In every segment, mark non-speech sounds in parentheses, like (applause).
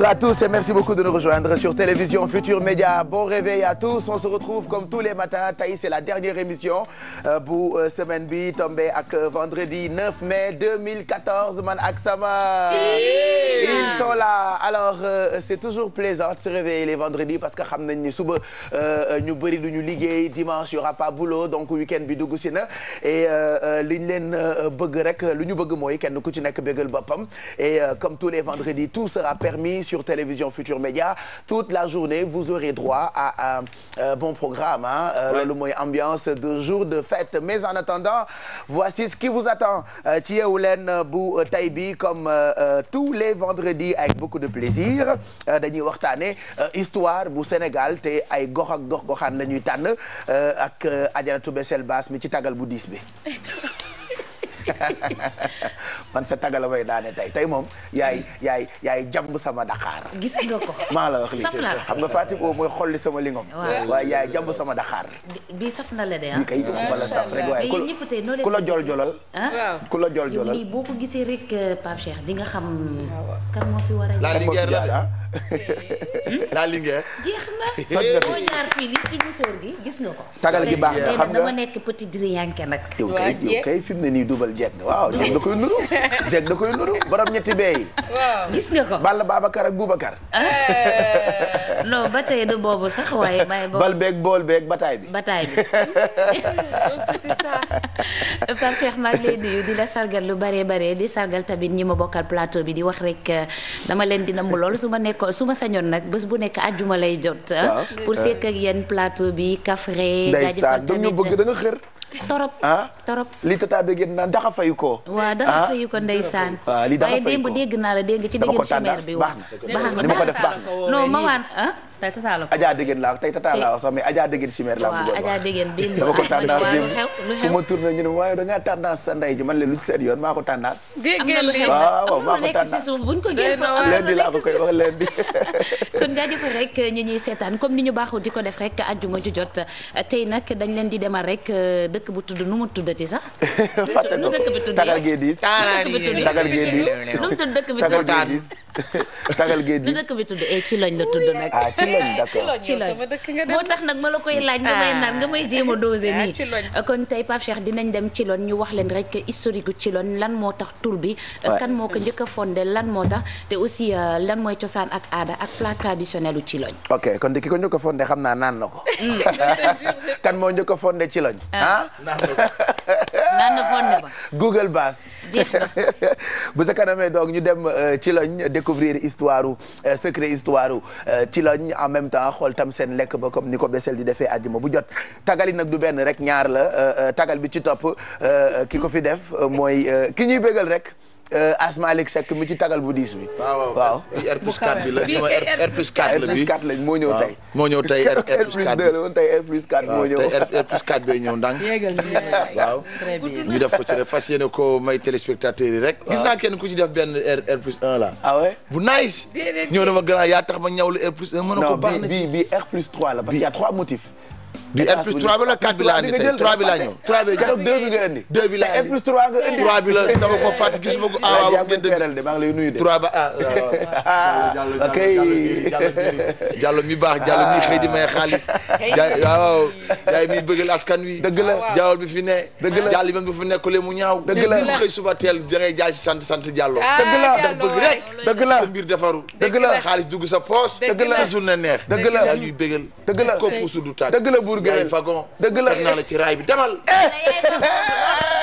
Bonjour à tous et merci beaucoup de nous rejoindre sur Télévision Futur Média. Bon réveil à tous. On se retrouve comme tous les matins. Tey c'est la dernière émission euh, bu euh, semaine bi tombé ak euh, vendredi mai man ak ils sont là alors euh, c'est toujours plaisant de se réveiller les vendredis parce que xam nañ ni suba euh, ñu bëri du ñu liggéey dimanche y aura pas boulot donc week-end bi dugg si na et euh, euh, li ñu leen bëgg rek lu ñu bëgg mooy kenn ku ci nekk bëggal boppam et comme tous les vendredis tout sera permis sur télévision Futur Média toute la journée vous aurez droit à un euh, bon programme ah ouais. mooy ambiance de jour de fête mais en attendant voici ce qui vous attend ci Yeewu Leen bu tey bi comme euh, tous les vendredis vendredi ay beaucoup de plaisir euh, dañuy waxtaane euh, histoire bu Sénégal te ay gox ak gox goxaan la ñuy tànn euh, ak Adjaratou Bessel Bass mi ci tàggal bu diis bi (laughs) (laughs) man sa tagala may daane tey tey moom yaay yaay yaay jàmb sama Dakar. gis nga ko maa la wax lii saf nga Fatick oo mooy xolli sama lingom. waaw yaay jàmb bi saf na la de ah. kay wala saf rek ah? ku la jol jolal. ku la jol jolal. boo ko gisee rek euh, Pape Cheikh di nga xam. kan moo fi war a. la Linguère. jeex na (laughs) boo ñaar fii li ci musóor gi gis nga ko. tagal gi baax nga xam nga dama nekk petit driyanke nag. yow kay yow kay fi mu ne nii dubal jeeg nga waaw jeeg da koy nuru (laughs) jeeg da koy nuru borom ñetti bee gis nga ko. Balla Babacar ak Boubacar. Eh. non ba du boobu sax waaye may boobu bal beeg bool beeg bataay bi bataay bi (laughs) donc c'était ça Pape Cheikh di la sargal lu bare bare di sargal tamit ñi ma bokkal plateau bi di wax rek euh, dama leen di namm lool su ma nekkoon su ma señoon nag bés bu nekk àjjuma lay jot pour sekk ak yéen plateau bi kafre ndeysaan dañu bëgg da xër torop ah? torop li tata dégg naan daxa fayu ko waaw daxa ah? fayu ko ndeysaan waaw ah, li daxa fayu ko waaye dégg naa la dégg ci dégg ci mer bi wax baax na ni ma ko def baax na non ma waan ah ta tata la ko Adja Degen laa tey tata laa sax mais Adja Degen Chimère laa bëggoon wax waaw Adja Degen waaye da ngaa sa ndey ji man la lu seen yoon maa ko tendance dégg waaw waaw maa ko tendance buñ ko gëstoo am na nekk laa ko koy wax lundi (laughs) kon jaajëfal rek ñi ñuy seetaan comme ni ñu baaxul di ko def rek àjjuma ju jot tey nag dañ leen di demal rek euh, dëkk bu tudd nu mu tuddati sax. (laughs) fàtte ko tagal gee diis nu dëkk bi tudd tagal gee diis. (laughs) sagal géej gi dëkk bi tudd eh ci loñ la tudd nag. ah ci loñ (laughs) d'accord ci loñ moo tax nag ma la koy laaj nga may naan nga may jéem a dosé ah, nii. kon tey Pape Cheikh dinañ dem ci loñ ñu wax leen rek historique ci loñ lan moo tax tur bi. kan moo ko njëkk a lan moo tax te aussi euh, lan mooy cosaan ak aada ak plat traditionnel ci loñ. ok kon di ko njëkk a xam naa naan na ko. Mm. (laughs) kan moo njëkk a ci loñ. Ah. Ah? naan na fondé ba. Google Bass. bu sa kanamee doog ñu dem euh, ci loñ. découvrir histoire euh, secret histoire euh, ci lañ en même temps xool tam seen lekk ba comme ni ko Bessél di defee àjjuma bu jot tagali nag du benn rek ñaar la euh, tagal bi ci topp ki ko fi def mooy ki ñuy bégal rek Euh, Asma Alex Seck mi ci tagal bu diis bi. waaw waaw R plus 4 bi la R plus 4 la bi R plus moo ñëw tey. moo ñëw tey R plus 4 bi ñëw tey R plus def ko ci rek fas yéene ko may téléspectateurs yi rek. gis kenn ku ci def benn R R plus 1 la. ah ouais bu nice. ñëw na ma grand yaa tax ma ñawlu R plus 1. mën na ko baax na ci non bi bi R plus 3 la parce que y a trois motifs. du N plus 3 bi la 4 bi laa indi tey 3 bi laa ñëw. 3 bi keroog 2 bi nga indi. 2 bi laa indi N plus 3 nga indi. 3 bi la dama ko fàtte gis ma ko. ah waaw yaa ngi koy teeral de maa ngi lay nuyu de. 3 ba ah waaw. ok Diallo mi baax Diallo mi xëy di may xaalis. ja waaw jaay mi bëggal askan wi. dëgg la Diallo bi fi ne. dëgg la Diallo bi fi nekkulee mu ñaaw. dëgg la mu xëy suba teel da ngay jaay si sant sant Diallo. dëgg la daf bëgg rek. dëgg la sa mbir defaru. dëgg la xaalis dugg sa poos. dëgg la sa journée neex. dëgg la yaa ñuy bëggal. dëgg la kopp su du tàkk. dëgg la buur jur gënal fagon dëgg la teg naa la ci raay bi demal. (laughs)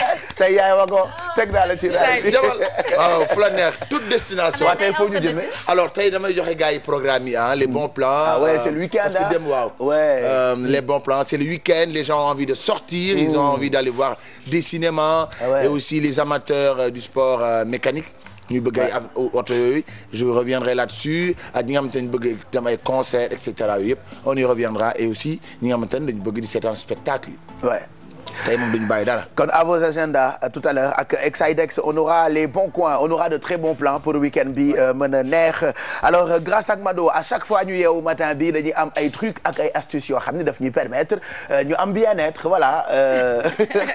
Eh, tey yaay wago teg naa la ci raay bi demal waaw fu la neex toute destination. waaw tey foo ñu jëmee alors tey damay joxe gars yi programme yi ah les bons plans. ah ouais euh, c'est le week-end parce que dem waaw. ouais euh, les bons plans c'est le week-end les gens ont envie de sortir. ils ont mmh. envie d'aller voir des cinémas. Ah et aussi les amateurs euh, du sport mécanique. ñuy bëgg ay oto yooyu je reviendrai là-dessus ak ñi nga xamante ne bëgg itam ay concert et cetera yooyu yëpp on y reviendra et aussi ñi nga xamante ne dañu bëgg di seetaan spectacle yi tey moom duñu bàyyi dara. kon vos agendas tout à l'heure ak Exidex on aura les bons coins on aura de très bons plans pour week bi euh, mën a neex alors euh, grâce ak Mado à chaque fois ñu yeewu matin bi dañuy am ay trucs ak ay astuces yoo xam ne daf ñuy permettre euh, ñu am bien-être voilà. (laughs)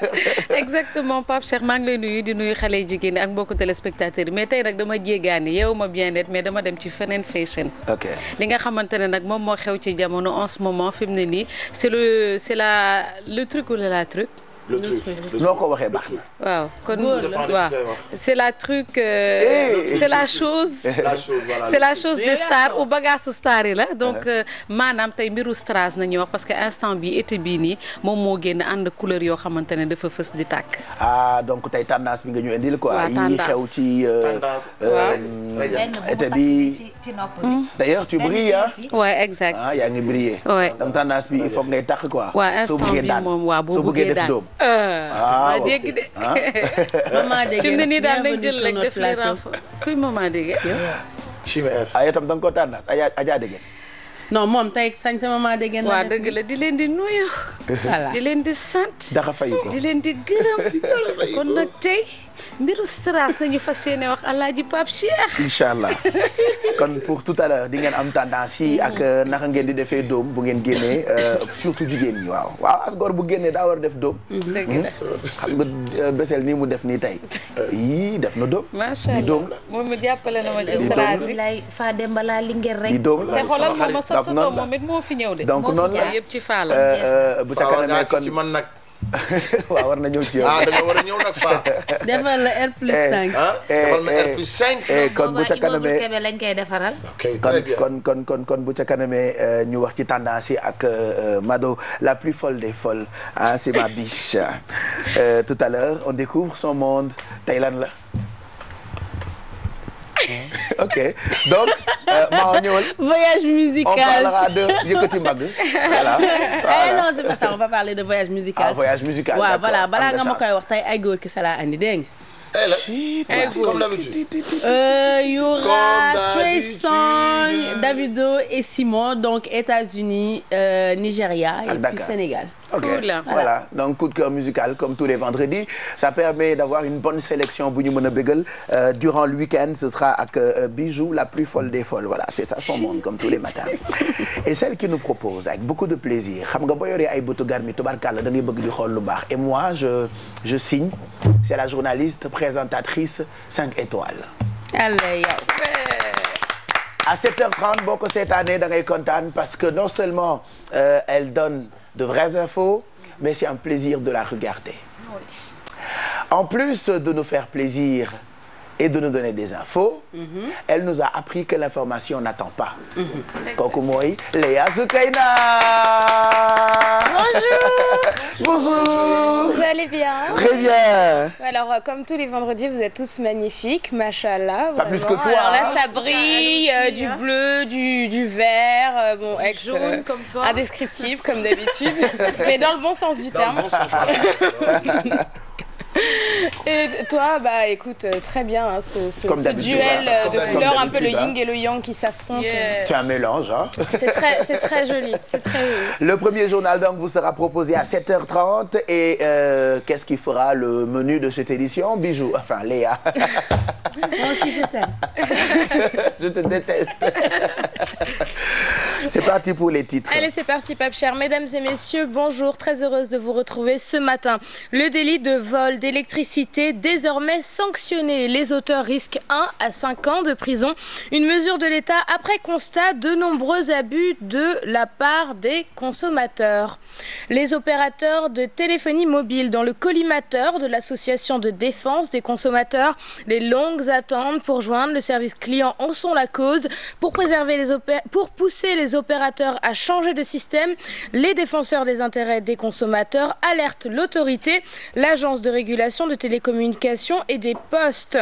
(laughs) exactement Pape Cheikh maa ngi lay nuyu di nuyu xale jigéen ak mbokku téléspectateurs mais tey nag dama jéggaani yeewu ma bien-être mais dama dem ci feneen fashion. ok li nga xamante ne nag moom moo xew ci jamono en ce fi mu ne nii c'est le c'est la le truc le truc noo ko waxee baax na. waaw kon waaw c'est la truc. Euh, eh, c'est la chose. la chose voilà c'est la chose des stars ou bagaasu stars yi la donc uh-huh. euh, maanaam tey mbiru stars nañuy wax parce que instant bi été bii nii moom moo génn ànd couleur yoo xamante ne dafa fës di tàkk. ah donc tey tendance bi nga ñu indil ko waaw tendance yi xew ci. Euh, tendance bi hmm. d'ailleurs tu brilles ah. waaw exact ah yaa ngi briller. waaw donc bi il faut ngay tàkk quoi. waaw instant bi moom waaw boo bëggee daan Euh, ah dégg de. Ah. (laughs) maman dégg fi mu nii daal dañ jël rek def la renfort kuy maman dégg. chimère ay ah, itam da nga ko tànnaas ay ajaa dégg. non moom tey sañ sama maman dégg na. waaw la di leen di nuyu. di leen di sant. daxa fay ko di leen di gërëm. (laughs) kon nag tey. mbiru Seras nañu fas yéene wax alaaji Pape Cheikh. incha allah kon pour tout à l'heure di ngeen am tendance yi ak euh, naka ngeen di defee doom bu ngeen génnee euh, surtout jigéen ñi waaw waaw asgoor bu génnee daa war a def doom. Hmm? xam nga euh, beseel nii mu def nii tey yii def na doom. macha allah doom la moom mi jàppale na ma ci Seras yi lay fa dem balaa Linguère rek. di doom la te xoolal moom ma sot sa doom moom it moo fi ñëw de. donc noonu la yëpp ci faa bu ca kanamee kon (laughs) waaw war na ñëw ci yow. ah da (laughs) eh, ah, eh, eh, kon bu ca kanamee kebe lañ koy defaral. kon kon kon kon bu ca kanamee ñu wax ci tendance yi ak Mado la plus folle des folles ah c'est ma biche (laughs) tout à l'heure on découvre son monde tey lan la. (laughs) ok donc euh, maa ñëwal. voyage musical on parlera de (laughs) eh voyage musical. Ah, voyage musical voilà balaa nga ma koy wax tey ay góor ki sala andi dégg nga eh comme d'habitude euh, y Davido et Simon donc États-Unis euh, Nigéria et puis Sénégal. ok voilà. voilà donc coup de cœur musical comme tous les vendredis ça permet d'avoir une bonne sélection bu ñu mën a euh, durant le week-end ce sera ak euh, Bijou la plus folle des folles voilà c'est ça comme tous les matins (laughs) et de plaisir xam nga boo yoree ay et moi je signe c'est la journaliste présentatrice 5 étoiles. allez yow. à 7h30 boo ko seetaanee da ngay kontaan parce que non seulement euh, elle donne. de vraies infos, mais c'est un plaisir de la regarder. Oui. En plus de nous faire plaisir, et de nous donner des infos. Mhm. elle nous a appris que l'information n'attend pas. Mhm. kooku mooy Léa Soukaina. bonjour. (laughs) bonjour. vous allez bien. très bien. alors euh, comme tous les vendredis vous êtes tous magnifiques machallah. pas plus que toi alors là ça brille euh, du bleu du vert euh, indescriptible comme d'habitude (laughs) mais dans le bon sens du terme. (laughs) (laughs) Et toi, bah écoute, euh, très bien hein, ce, euh, le yin et le yang qui s'affrontent. C'est un mélange, C'est très, joli, Le premier journal donc vous sera proposé à 7h30 et euh, qu'est-ce qui fera le menu de cette édition Bijoux, enfin Léa. (laughs) (laughs) je te déteste. C'est parti Mesdames et messieurs, bonjour. Très heureuse de vous retrouver ce matin. Le délit de vol d'électricité désormais sanctionné. Les auteurs risquent 1 à 5 ans de prison. Une mesure de l'État après constat de nombreux abus de la part des consommateurs. Les opérateurs de téléphonie mobile dans le collimateur de l'association de défense des consommateurs, les longues attentes pour joindre le service client en sont la cause. Pour, préserver les opérateurs opérateur a changé de système. Les défenseurs des intérêts des consommateurs alertent l'autorité, l'agence de régulation de télécommunications et des postes.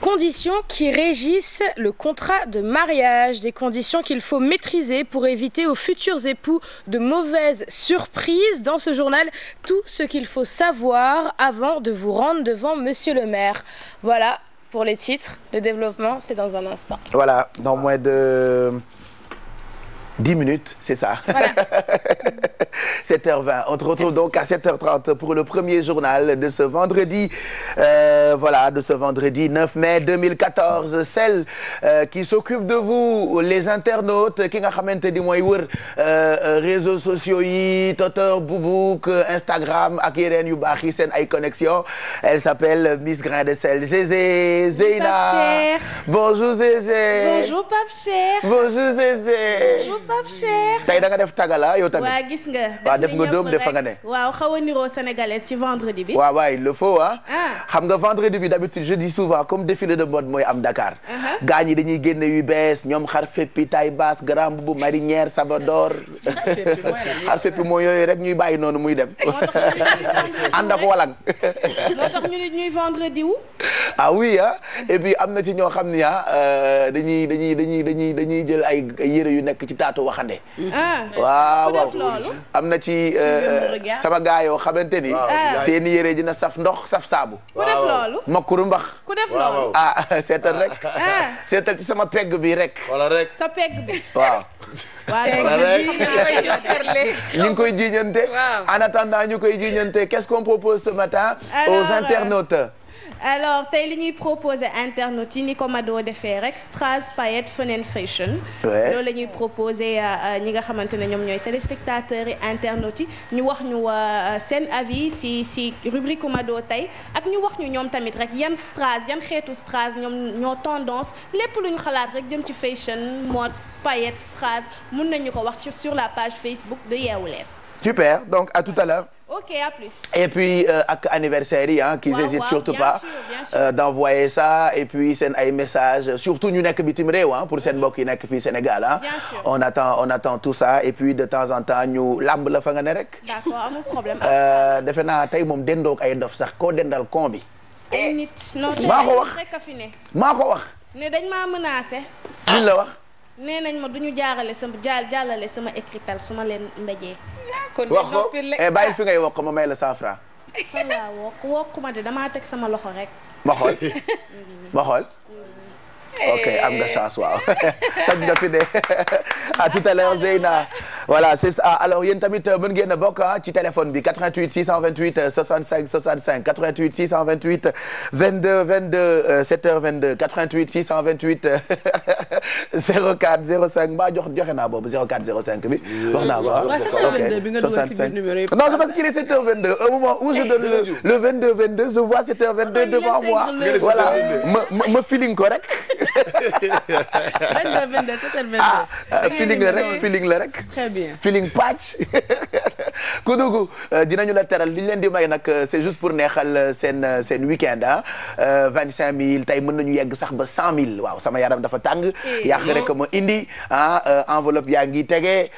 Conditions qui régissent le contrat de mariage, des conditions qu'il faut maîtriser pour éviter aux futurs époux de mauvaises surprises. Dans ce journal, tout ce qu'il faut savoir avant de vous rendre devant Monsieur le maire. Voilà pour les titres. Le développement, c'est dans un instant. Voilà, dans 10 minutes, c'est ça. Voilà. 7h20. (laughs) On te retrouve donc à 7h30 pour le premier journal de ce vendredi. Euh, voilà, de ce vendredi 9 mai 2014. Celle euh, qui s'occupe de vous, les internautes, ki nga xamante di mooy wër euh, euh, réseaux sociaux yi, Twitter, Boubouk, Instagram ak yeneen yu baax yi seen ay connexion. Elle s'appelle Miss Grain de Sel. Zézé, Bonjour Zézé. Bonjour Pape Bonjour Zézé. Pape Cheikh tey def tagala yow tamit. waaw gis nga waaw def nga doom def fa nga ne. waaw xaw a niroo sénégalaise ci vendredi bi. waaw waay faut ah. xam nga vendredi bi d'habitude je dis souvent comme défilé de mode mooy am Dakar. Uh-huh. gars dañuy génne yu bees ñoom xar feppi taille basse grand boubou marinière sabador. (laughs) xar feppi mooy yooyu rek ñuy bàyyi noonu muy dem. ànd ak walang. moo tax ñu ñuy vendredi wu. a ah oui ah et am na ci ñoo xam ne ah euh, dañuy dañuy dañuy dañuy dañuy jël ay yére yu nekk ci taat. taatu waxande. Ah. waaw waaw am na ci euh, sama gaa yoo xamante ni. seeni yére dina saf ndox saf saabu. ku def loolu mokkuru mbax. ah (laughs) seetal rek. Ah. seetal ci sama pegg bi rek. wala rek koy jiiñante. en attendant koy jiiñante qu'est-ce qu'on propose matin aux euh, internautes. alors tey li ñuy proposé internautes yi ni ko Mado defee rek strass paillettes fun and fashion. loolu la ñuy proposé euh, euh, ñi nga xamante ne ñoom ñooy téléspectateurs yi internautes yi ñu wax ñu euh, seen avis si si rubrique Mado tey ak ñu wax ñu ñoom tamit rek yan strass yan xeetu strass ñoom ñoo tendance lépp lu ñu xalaat rek jëm ci fashion mode paillettes strass mun ñu ko wax sur la page Facebook de Yeewu Leen. super donc à tout à l'heure ok à plus. et puis euh, ak anniversaire yi ah. qu'ils surtout pas euh, d'envoyer ça et puis seen ay message surtout ñu nekk bitim réew ah pour seen mbokk yi nekk fii Sénégal ah. on attend on attend tout ça et puis de temps en temps ñu lamb la fa nga ne rek. d'accord amul problème. Euh, defe naa tey moom dendoog ay dof sax koo dendal kon bi. nit maa ko wax maa ko wax. ne dañ maa menacé. la wax. nee nañ ma duñu ñu jaarale sama jaal sama écrital su ma leen ndajee. kon wax ko eh, bàyyi fi ngay wax ko ma may la cent francs. fan laa wokk wokk ma de damaa teg sama loxo rek. ma xool (laughs) ma xool. ok am nga chance waaw eh. toj nga fi de à tout à l'heure Zeyna voilà c'est ça alors yéen tamit euh, mën ngeen a bokk ah, ci téléphone bi 88 628 65 65 88 628 22 22 7h22 88 628. 04 05 mbaa jox joxe naa boobu 04 05 bi. wax naa ba ok 65 non c'est parce qu'il est 7h22 au moment où je donne le eh, le 22 22 je vois 7h22 ah, devant moi voilà ma feeling ko 22 ah, euh, la rek feeling la rek. très bien feeling patch. (laughs) Kudugu euh, dinañu la teral li ñu leen di may nag euh, c'est juste pour neexal seen seen week-end ah. 25000 tey mën nañu yegg sax ba mille waaw sama yaram dafa tàng. Eh, yàq rek ma indi ah enveloppe yaa ngi tege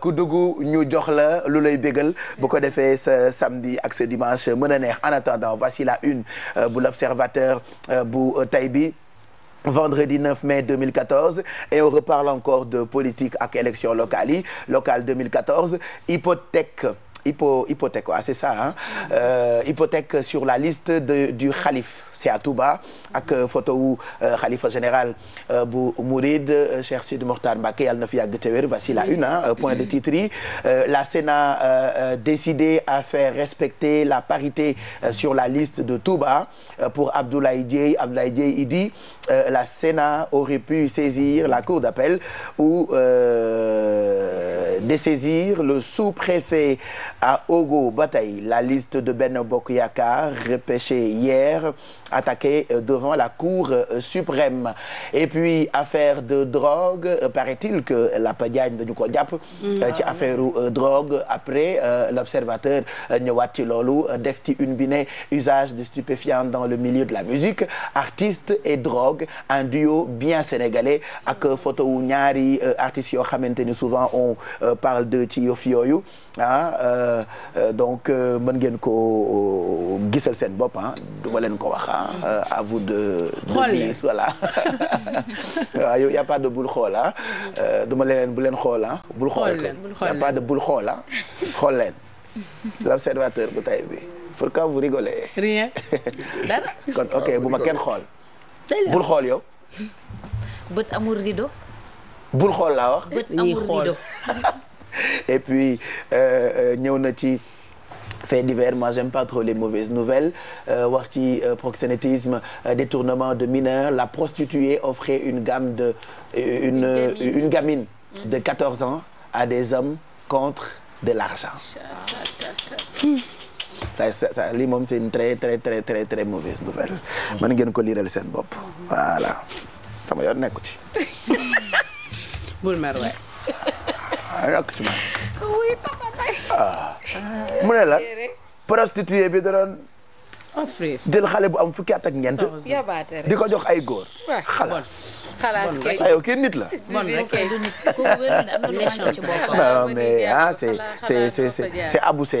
Kudugu ñu jox la lu lay bégal bu ko defee sa samedi ak sa dimanche mën a neex en attendant voici la une bu l'observateur bu tey bi. vendredi 9 mai 2014 et on reparle encore de politique ak élection locale yi locale 2014 hypothèque hypo hypothèque ah c'est ça ah euh, hypothèque sur la liste de xalif c'est à Touba ak euh, photo wu xalifa euh, général euh, bu Mouride Cheikh Sidi Mokhtar Mbacké yàlla na fi yàgg te wér voici la une hein, point de titre la Sénat décidé à respecter la parité sur la liste de Touba pour Abdoulaye Dieye Abdoulaye Dieye il dit la Sénat aurait pu saisir la cour d'appel ou de saisir le sous-préfet à Ogo ba tey la liste de Benno Bokk Yakaar repêchée hier attaquée euh, devant la Cour euh, suprême et puis affaire de drogue euh, paraît-il que la padiagne dañu ko jàpp ci affaire drogue après l'observateur ñëwaat ci loolu def ci une bi ne usage de stupéfiants dans le milieu de la musique artiste et drogue un duo bien sénégalais ak photo wu ñaari artistes yoo xamante ni souvent on parle de ci yëf yooyu ah euh, euh, donc euh, mën ngeen ko gisal seen bopp ah du ma leen ko wax a ah, à vous de lire voilà (laughs) waaw yow pas de bul xool ah du ma leen bu leen xool ah bul xool y a bul xool ah xool leen l'observateur bu tey bi pourquoi vous rigolez rien (laughs) dara bu ma kenn xool bul xool yow bët amul rido bul xool laa wax bët amul rido (laughs) et puis euh, euh, ñëw na ci faits divers moi j'aime pas trop les mauvaises nouvelles euh, wax ci proxénétisme détournement de mineurs la prostituée offrait une gamme de une une mm. de 14 ans à des hommes contre de l'argent ça ça lii moom c'est une très très très très très mauvaise nouvelle man ngeen ko liiral seen bopp mm-hmm. voilà sama yoon nekku ci (laughs) bul mer waay ak mu ne la prostituée bi da doon. offrir xale bu am fukki at ak di ko jox ay góor. xalaat xalaat kay aywa nit la. bon kay du nit ku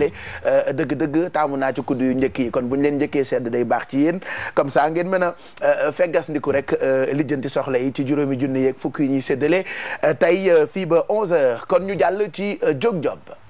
télé euh, dëgg-dëgg taamu naa ci kuddu yu njëkk yi kon bu ñu leen njëkkee sedd day baax ci yéen comme ça ngeen mën a euh, feggas ndiku rek euh, lijjanti soxla yi ci juróomi junni yeeg fukk yi ñuy séddale tey fii ba 11h kon ñu jàll ci jóg job